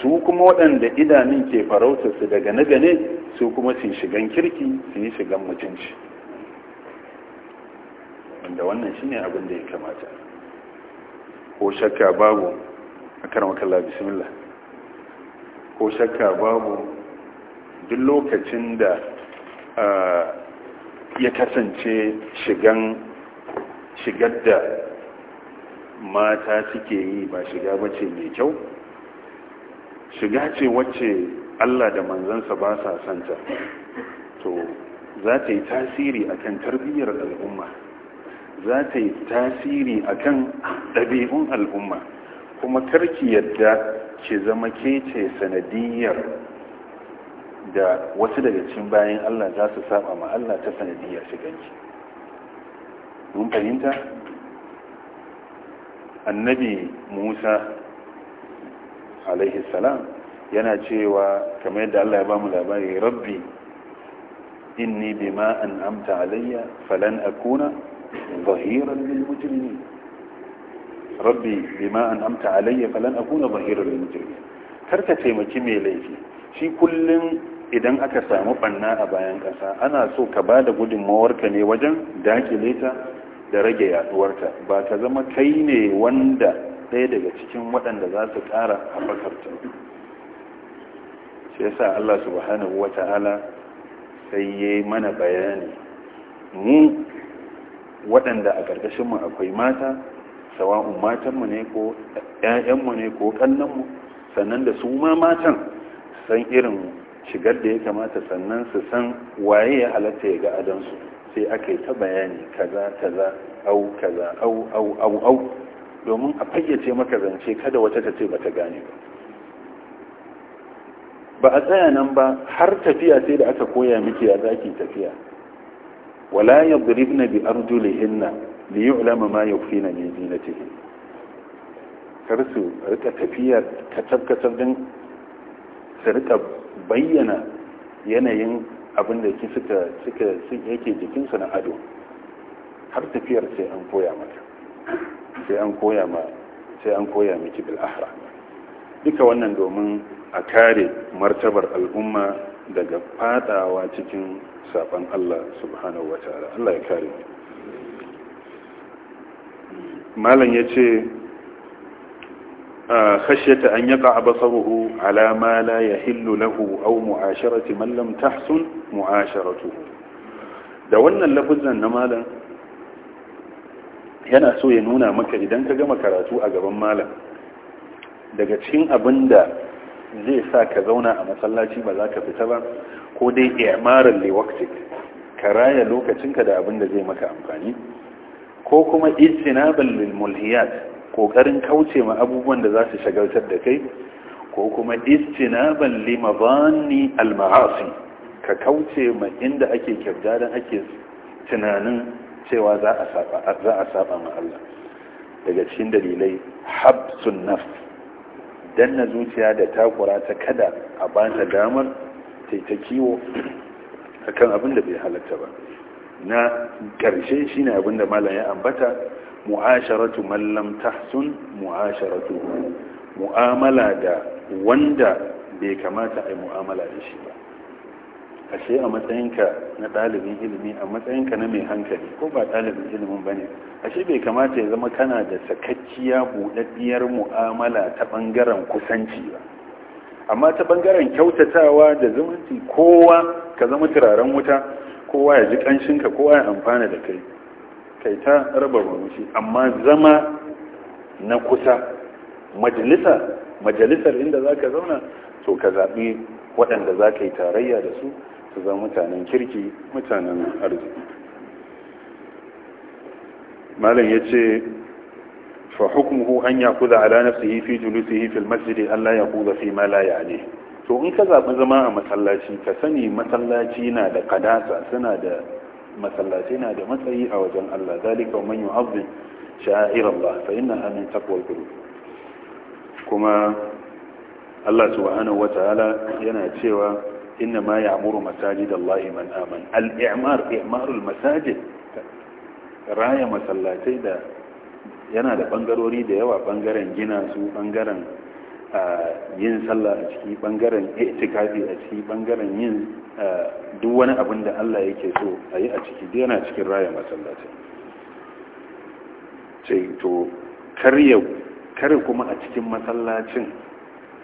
su kuma waɗanda idanun ke farautar su daga na gane su kuma su shigan kirki su yi shigan mutunci wanda wannan shine abin da ya kamata ko shakka babu a karmakalla bismillah ko shakka babu duk lokacin da ya kasance shigan shigar da mata suke yi ba shiga bace mai kyau shiga ce wacce Allah da manzansa ba sa santa to za ta yi tasiri akan tarbiyyar al'umma za ta yi tasiri akan ɗabi'un al'umma kuma karki yadda ke zama kece sanadiyyar da wasu daga cikin bayan Allah za su saba ma Allah ta sanadiyyar shiganki mun fahimta annabi musa alaihi salam yana cewa kamar yadda allah ya ba mu labari rabbi inni bima an amta alayya falan akuna zahiran lil mujrimin rabbi bima an amta alayya falan akuna zahiran lil mujrimin kar ka taimaki mai laifi shi kullum idan aka samu banna a bayan kasa ana so ka ba da ka ne wajen dakile ta da rage yaduwarta ba ta zama kai ne wanda ɗaya daga cikin waɗanda za su ƙara haɓakarta sai sa Allah subhanahu wa ta'ala sai ya mana bayani mu waɗanda a ƙarƙashinmu akwai mata sawa'un matanmu ne ko ‘ya'yanmu ne ko ƙannanmu sannan da su ma matan san irin shigar da ya kamata sannan su san waye ya halatta ya ga adansu sai aka yi ta bayani kaza kaza au kaza au au au au domin a fayyace maka zance kada wata ta ce ba ta gane ba ba a tsaya nan ba har tafiya sai da aka koya miki ya zaki tafiya wala yadribna bi arjulihinna li yu'lama ma yukfina min zinatihin kar su rika tafiya katab katab din su rika bayyana yanayin abin da suka suka yake jikinsa na ado har tafiyar sai an koya mata sai an koya ma sai an koya miki bil ahra duka wannan domin a kare martabar al'umma daga fadawa cikin saban Allah subhanahu wataala Allah ya kare mu malam yace khashyata an yaqa basaruhu ala ma la yahillu lahu aw mu'asharati man lam tahsun mu'asharatuhu da wannan lafazan na malam yana so ya nuna maka idan ka gama karatu a gaban malam daga cikin abinda zai sa ka zauna a masallaci ba za ka fita ba ko dai i'maran liwaqtik ka raya lokacinka da abinda zai maka amfani ko kuma ijtinabal lil ƙoƙarin kauce ma abubuwan da za su shagaltar da kai ko kuma istina ban lima ni almahasi ka kauce ma inda ake kirda don ake tunanin cewa za a saba ma Allah daga cikin dalilai habsun naf na zuciya da takura ta kada a ba ta damar ta kiwo a kan abin da bai halatta ba na ƙarshe shi ne abin da malam ya ambata mu'asharatu Mallam tahsun mu'asharatu mu'amala da wanda bai kamata a yi mu'amala da shi ba ashe a matsayinka na ɗalibin ilimi a matsayinka na mai hankali ko ba ɗalibin ilimin ba ne ashe bai kamata ya zama kana da sakacciya buɗaɗɗiyar mu'amala ta ɓangaren kusanci ba amma ta ɓangaren kyautatawa da zumunci kowa ka zama turaren wuta kowa ya ji ƙanshinka kowa ya amfana da kai kai ta raba murmushi amma zama na kusa majalisa majalisar inda za ka zauna to ka zaɓi waɗanda za ka yi tarayya da su su zama mutanen kirki mutanen arziki malam ya ce fa hukumu an ya kuza ala nafsihi fi julusihi fil masjidi an la yaquza fi ma la ya'ni to in ka zaɓi zama a masallaci ka sani masallaci na da kadasa suna da masallaci na da matsayi a wajen Allah zalika man yu'azzim sha'air Allah fa innaha min taqwal qulub kuma Allah subhanahu wataala yana cewa inna ma ya'muru masajid Allah man aman al-i'mar i'marul masajid raya masallatai da yana da bangarori da yawa bangaren gina su bangaren A yin sallah a ciki bangaren itikafi a ciki bangaren yin duk wani abin da Allah yake so a yi a ciki da yana cikin raya masallaci sai to karya kare kuma a cikin masallacin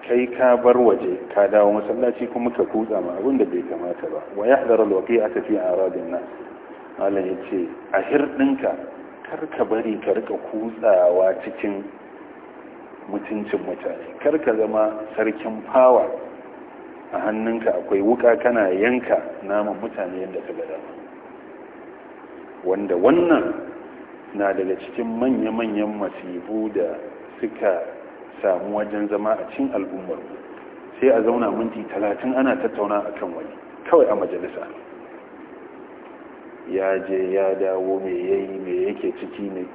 kai ka bar waje ka dawo masallaci kuma ka kutsa ma abin da bai kamata ba wa yahdar alwaqi'ata fi na malam Allah yace a hirdinka kar ka bari ka rika kutsawa cikin mutuncin mutane kar ka zama sarkin fawa a hannunka akwai wuka kana yanka naman mutane yadda ka gada wanda wannan na daga cikin manya-manyan masifu da suka samu wajen zama a cin al'ummar sai a zauna minti talatin ana tattauna a kan wani kawai a majalisa ya je ya dawo mai yayi mai yake ciki ne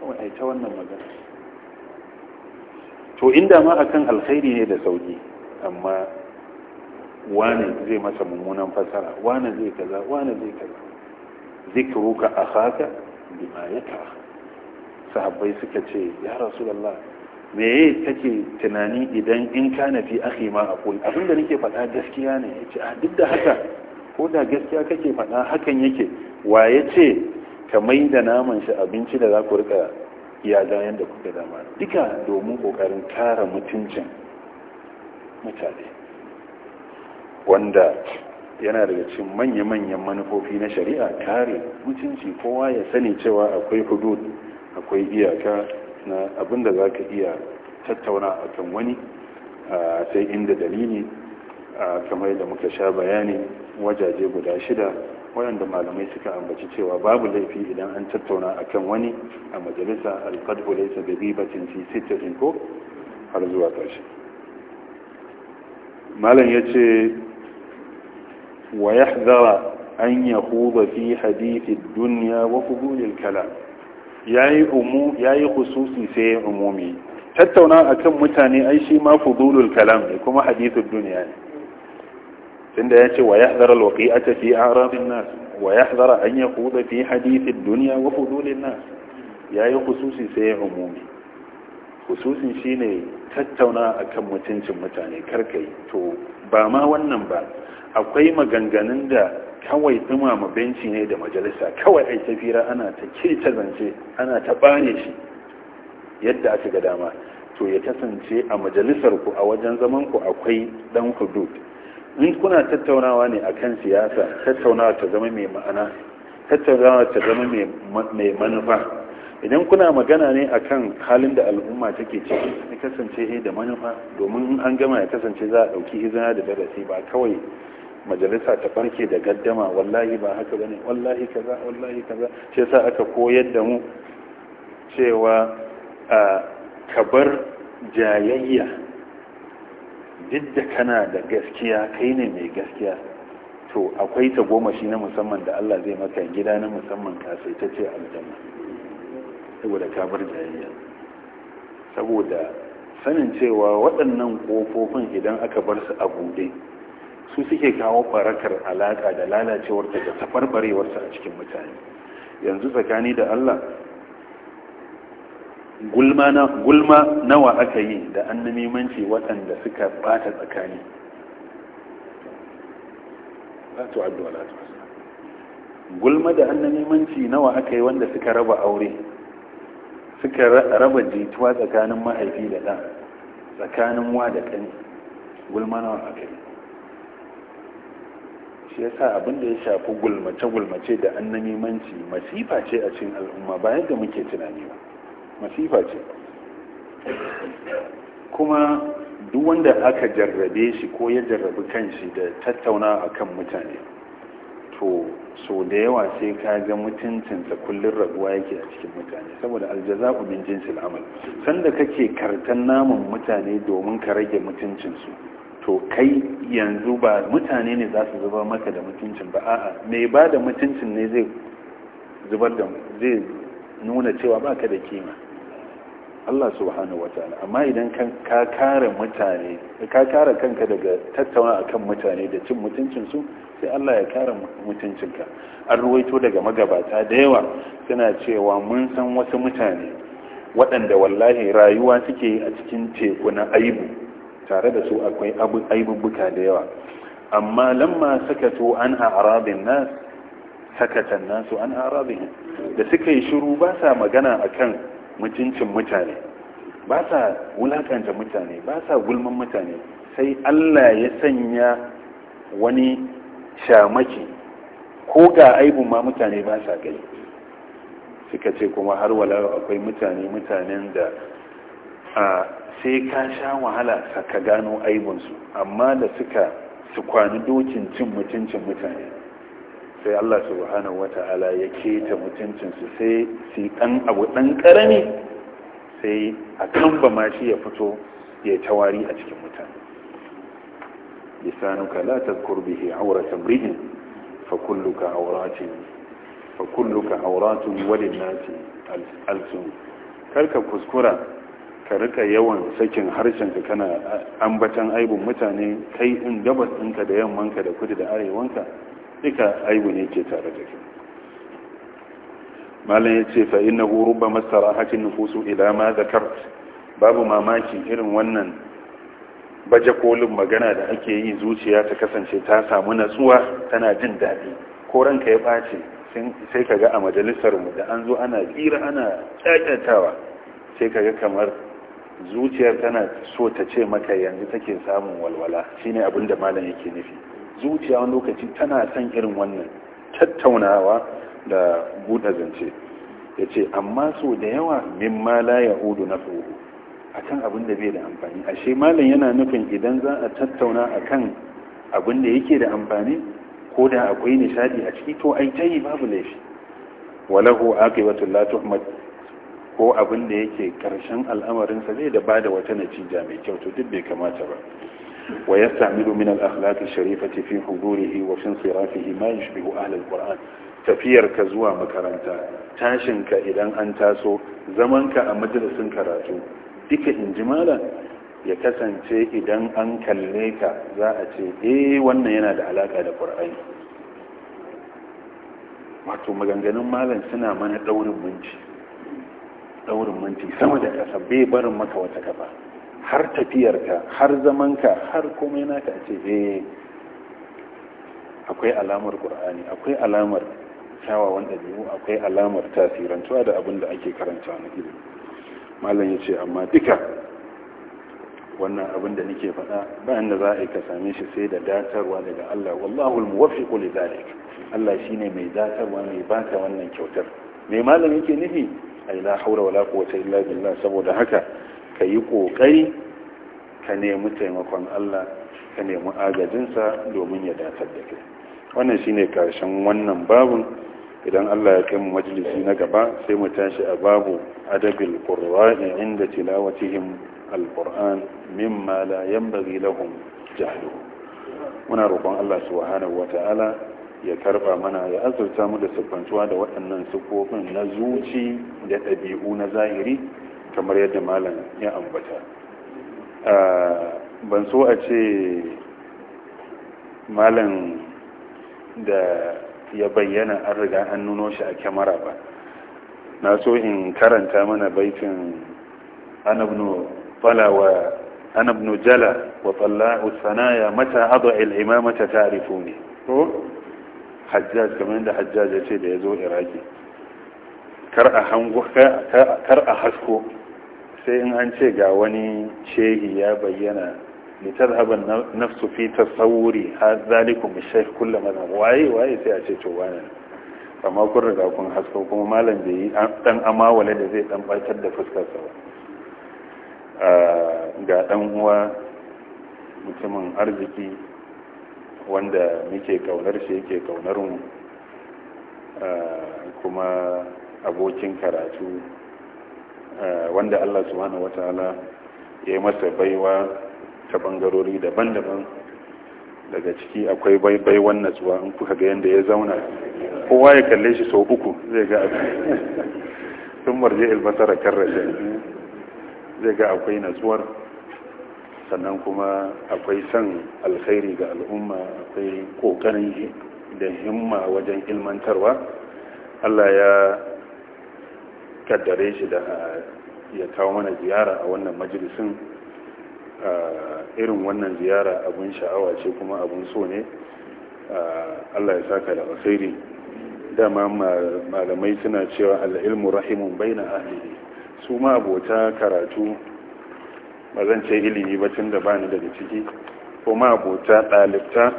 kawai a wannan magana to inda ma akan alkhairi ne da sauki amma wane zai masa mummunan fasara wane zai kaza wane zai kaza zikruka akhaka bima yaka sahabbai suka ce ya rasulullah me kake tunani idan in kana fi akhi ma aqul abinda nake faɗa gaskiya ne yace a duk da haka ko da gaskiya kake faɗa hakan yake wa yace ka maida naman shi abinci da za ku rika iyalan yadda kuka dama duka domin kokarin kare mutuncin mutane wanda yana daga cikin manya-manyan manufofi na shari'a kare mutunci kowa ya sani cewa akwai hudud akwai iyaka na abinda za ka iya tattauna a kan wani sai inda dalili kamar da muka sha bayani wajaje guda shida wayanda malamai suka ambaci cewa babu laifi idan an tattauna akan wani a majalisa alfadhu laysa bi ghibatin fi sittatin ko har zuwa ƙarshe malam yace wa yahdara an huba fi hadithi duniya wa qubulil kalam yayi umu yayi sai umumi tattauna akan mutane ai shi ma fudulul kalam ne kuma hadithud duniya ne tunda ya ce wa yahdhar alwaqi'ata fi a'rabin nas wa yahdhar an yaquda fi hadith ad-dunya wa fudulin nas yayi khususi sai umumi shine tattauna akan mutuncin mutane karkai to ba ma wannan ba akwai maganganun da kawai dumama benci ne da majalisa kawai ai tafira ana ta kirta zance ana ta bane shi yadda aka ga dama to ya kasance a majalisar ku a wajen zaman ku akwai dan hudud in kuna tattaunawa ne akan siyasa tattaunawa ta zama mai ma'ana tattaunawa ta zama mai manufa idan kuna magana ne akan halin da al'umma take ciki ya kasance eh da manufa domin an gama ya kasance za a ɗauki izina da darasi ba kawai majalisa ta farke da gaddama wallahi ba haka bane wallahi kaza wallahi kaza shi yasa aka koyar da mu cewa ka bar jayayya duk da kana da gaskiya kai ne mai gaskiya to akwai ta goma shi na musamman da Allah zai maka gida na musamman ka sai ta ce aljanna saboda ka bar jayayya saboda sanin cewa waɗannan ƙofofin idan aka bar su a buɗe su suke kawo farakar alaƙa da lalacewarta da tafarbarewarsa a cikin mutane yanzu tsakani da Allah gulma nawa aka yi da annamimanci waɗanda suka bata tsakani gulma da annamimanci nawa aka yi wanda suka raba aure suka raba jituwa tsakanin ma'aiki da ɗan tsakanin wa da ƙani gulma nawa aka yi shi ya sa abin da ya shafi gulmace-gulmace da annamimanci masifa ce a cikin al'umma bayan da muke tunani ba masifa ce kuma duk wanda aka jarrabe shi ko ya jarrabi kanshi da tattauna a kan mutane to so da yawa sai ka ga mutuncinsa kullun raguwa yake a cikin mutane saboda aljaza min jinsil amal sanda kake kartan namun mutane domin ka rage mutuncinsu to kai yanzu ba mutane ne za su zubar maka da mutuncin ba a'a mai ba da mutuncin ne zai zubar da zai nuna cewa ba ka da kima Allah subhanahu wataala amma idan ka kare mutane ka kare kanka daga tattauna a kan mutane da cin mutuncinsu sai Allah ya kare mutuncinka an ruwaito daga magabata da yawa suna cewa mun san wasu mutane waɗanda wallahi rayuwa suke a cikin teku na aibu tare da su akwai aibubbuka da yawa amma lamma sakatu an nas sakatan nasu an arabihim da suka yi shiru ba sa magana akan mutuncin mutane ba sa wulakanta mutane ba sa gulman mutane sai Allah ya sanya wani shamaki ko ga aibun ma mutane ba sa gani suka ce kuma har walawa akwai mutane mutanen da a sai ka sha wahala saka gano aibunsu amma da suka su kwani dokin cin mutuncin mutane sai Allah subhanahu wata'ala ya keta su sai su ɗan abu ɗan ƙarami sai a kan ba ma ya fito ya yi tawari a cikin mutane lisanuka la tadhkur bihi awrata imri'in fa kulluka ka fa kulluka awratun walin nasi alsun karka kuskura ka rika yawan sakin harshen ka kana ambatan aibun mutane kai in gabas ɗinka da yammanka da kudu da arewanka duka aibu ne ke tare da kai malam ya ce fa inna hu masara hakin nufusu ila ma zakart babu mamaki irin wannan baje kolin magana da ake yi zuciya ta kasance ta samu natsuwa tana jin daɗi ko ranka ya ɓace sai ka ga a majalisarmu da an zo ana tsira ana ƙyaƙyatawa sai ka kamar zuciyar tana so ta ce maka yanzu take samun walwala shine abinda da malam yake nufi zuciya wani lokaci tana son irin wannan tattaunawa da buɗe zance ya ce amma so da yawa min la ya hudu na tsoro a kan abin da bai da amfani ashe malam yana nufin idan za a tattauna a kan abin da yake da amfani ko da akwai nishadi a ciki to ai tayi babu laifi walahu aqibatul la tuhmad ko abin da yake karshen al'amarinsa zai da bada wata natija mai kyau to duk bai kamata ba ويستعمل من الأخلاق الشريفة في حضوره وفي انصرافه ما يشبه أهل القرآن tafiyar ka zuwa makaranta tashinka idan an taso zamanka a majalisun karatu duka injimala ya kasance idan an kalle ka za'a ce eh wannan yana da alaka da ƙwar'ani wato maganganun malam suna mana ɗaurin minti ɗaurin minti sama da ƙasa bai barin maka wata kafa har tafiyarka har zamanka har komai naka a ce eh akwai alamar qur'ani akwai alamar kyawawan ɗabi'u akwai alamar tasirantuwa da abin da ake karanta na ilimi malam ya ce amma duka wannan abin da nake faɗa bayan da za a yi ka same shi sai da datarwa daga Allah wallahu almuwaffiqu li zalik Allah shine mai datarwa mai baka wannan kyautar mai malam yake nufi ai la haura wala quwwata illa billah saboda haka ka yi ƙoƙari ka nemi taimakon Allah ka nemi agajinsa domin ya datar da kai wannan shine karshen wannan babun idan Allah ya kai mu majalisi na gaba sai mu tashi a babu adabil qurra'i inda tilawatihim alquran mimma la yanbaghi lahum jahlu muna roƙon Allah subhanahu wata'ala ya karba mana ya azurta mu da siffantuwa da waɗannan siffofin na zuci da ɗabi'u na zahiri kamar yadda malam ya ambata ban so a ce malam da ya bayyana an riga an nuno shi a kyamara ba na so in karanta mana baitin anabnu falawa anabnu jala wa fallahu sanaya mata adu al'imamata ta'rifu ne oh. ko hajjaj kamar da hajjaj ya ce da ya zo iraki kar a hango kar a hasko sai in an ce ga wani shehi ya bayyana litar na nafsu fi tasawuri har zalikun shaykh kullu mana waye waye sai a ce to wani amma kun riga kun hasko kuma malam da yi dan amawale da zai dan da fuskar sa ga dan uwa mutumin arziki wanda muke kaunar shi yake kaunar mu kuma abokin karatu wanda Allah subhanahu wataala ya yi masa baiwa ta bangarori daban-daban daga ciki akwai wannan natsuwa in kuka ga yadda ya zauna kowa ya kalle shi sau uku zai ga abu (laughs) sun marje ilbasara karrashe zai ga akwai natsuwar sannan kuma akwai san alkhairi ga al'umma akwai kokarin da himma wajen ilmantarwa allah ya kaddare shi da ya kawo mana ziyara a wannan majalisun irin wannan ziyara abun sha'awa ce kuma abun so ne Allah ya saka da alkhairi dama malamai suna cewa al'ilmu rahimun na ahiri su ma abota karatu ba zan ce ilimi ba tun da bani daga ciki ko ma abota ɗalibta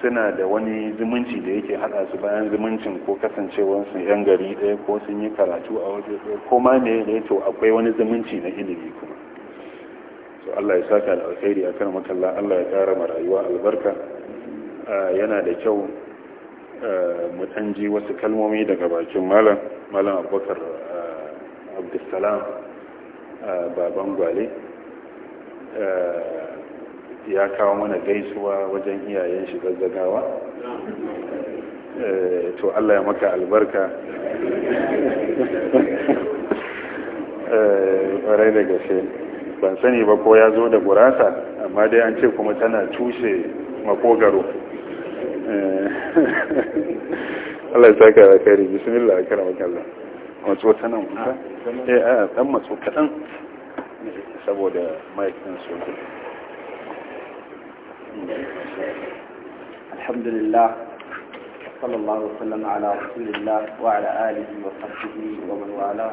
suna da wani zumunci da yake hada su bayan zumuncin ko kasancewar su yan gari ɗaya ko sun yi karatu a waje ɗaya ko ma me ne to akwai wani zumunci na ilimi kuma So Allah ya saka da alkhairi akan makalla Allah ya kara ma rayuwa albarka yana da kyau mu tanji wasu kalmomi daga bakin malam malam Abubakar Abdulsalam baban gwale ya kawo mana gaisuwa wajen iyayen shi gaggagawa eh, to Allah ya maka albarka (laughs) eh, ƙwarai da gaske ban sani ba ko ya zo da gurasa amma dai an ce kuma tana tushe makogaro eh, (laughs) Allah ya saka da kare bismillah a kara makalla matso ta nan kusa ah, eh a ah, dan matso kaɗan saboda ma'aikin sojin الحمد لله صلى الله وسلم على رسول الله وعلى آله وصحبه ومن والاه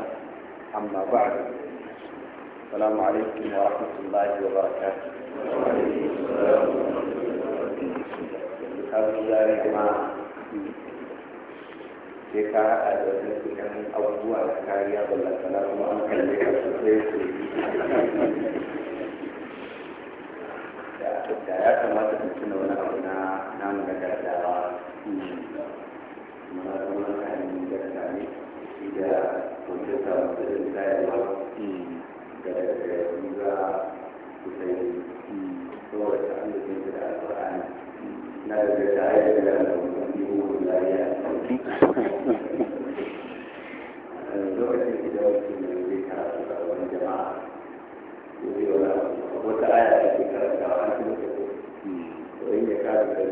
أما بعد السلام عليكم ورحمة الله وبركاته هذا يا جماعة sai ka da ya kamata mu tuna wani abu na namu na gaggawa muna zama kayan gaska ne shi da mutum da da da ya da riga kusayi saboda ta an da jinsu da alfa'ani na da ta yi da (laughs) mutum yi wurin lariya lokacin da wasu ne zai karatu a wani jama'a wata aya da ke karanta a cikin to da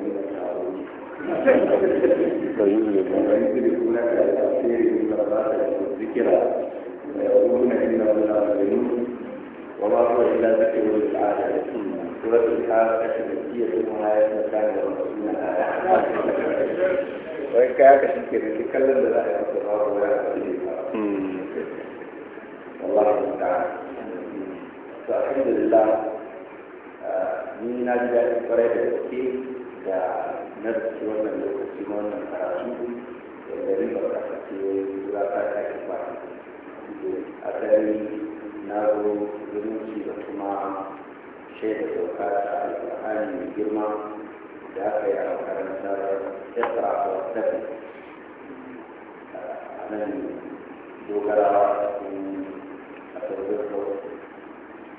ni na tawo to to alhamdulillah ni na ji daɗin kwarai da gaske da na rufe wannan lokaci na wannan karatu da riba da kake za ka sake ba a tsari na zo zumunci da kuma shaida sauka ta alƙur'ani mai girma da aka yi a makarantar yasa a wasafi a nan dogarawa cikin a sauran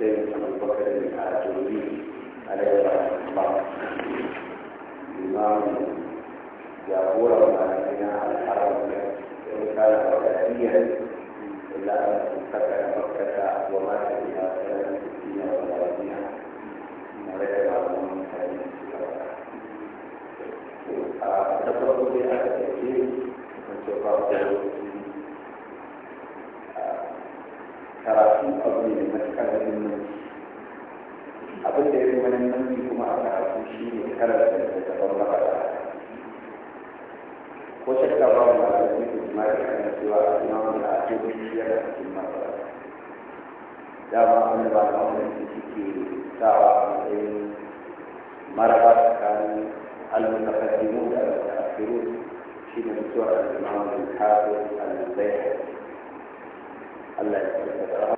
سيدنا أبو بكر العاتبي عليه رحمة الله الإمام جابور على الحرم إن كان ولديا إلا أن فتح مكة ومات بها سنة ستين وثلاثين عليه رحمة الله التأكيد من تقرأ karatu abu ne da matuƙar muhimmanci abin da ya fi muhimmanci kuma a karatu shi ne karanta da tabar mabara ko shakka ba mu da wani kuma ya kan cewa a ina wani a cikin shiyar da cikin mabara dama wani ba na wani suke sawa a matsayin maraba tsakanin al-mutaqaddimun da al-mutaakhirun shi ne mutuwar al-imam al Allah ya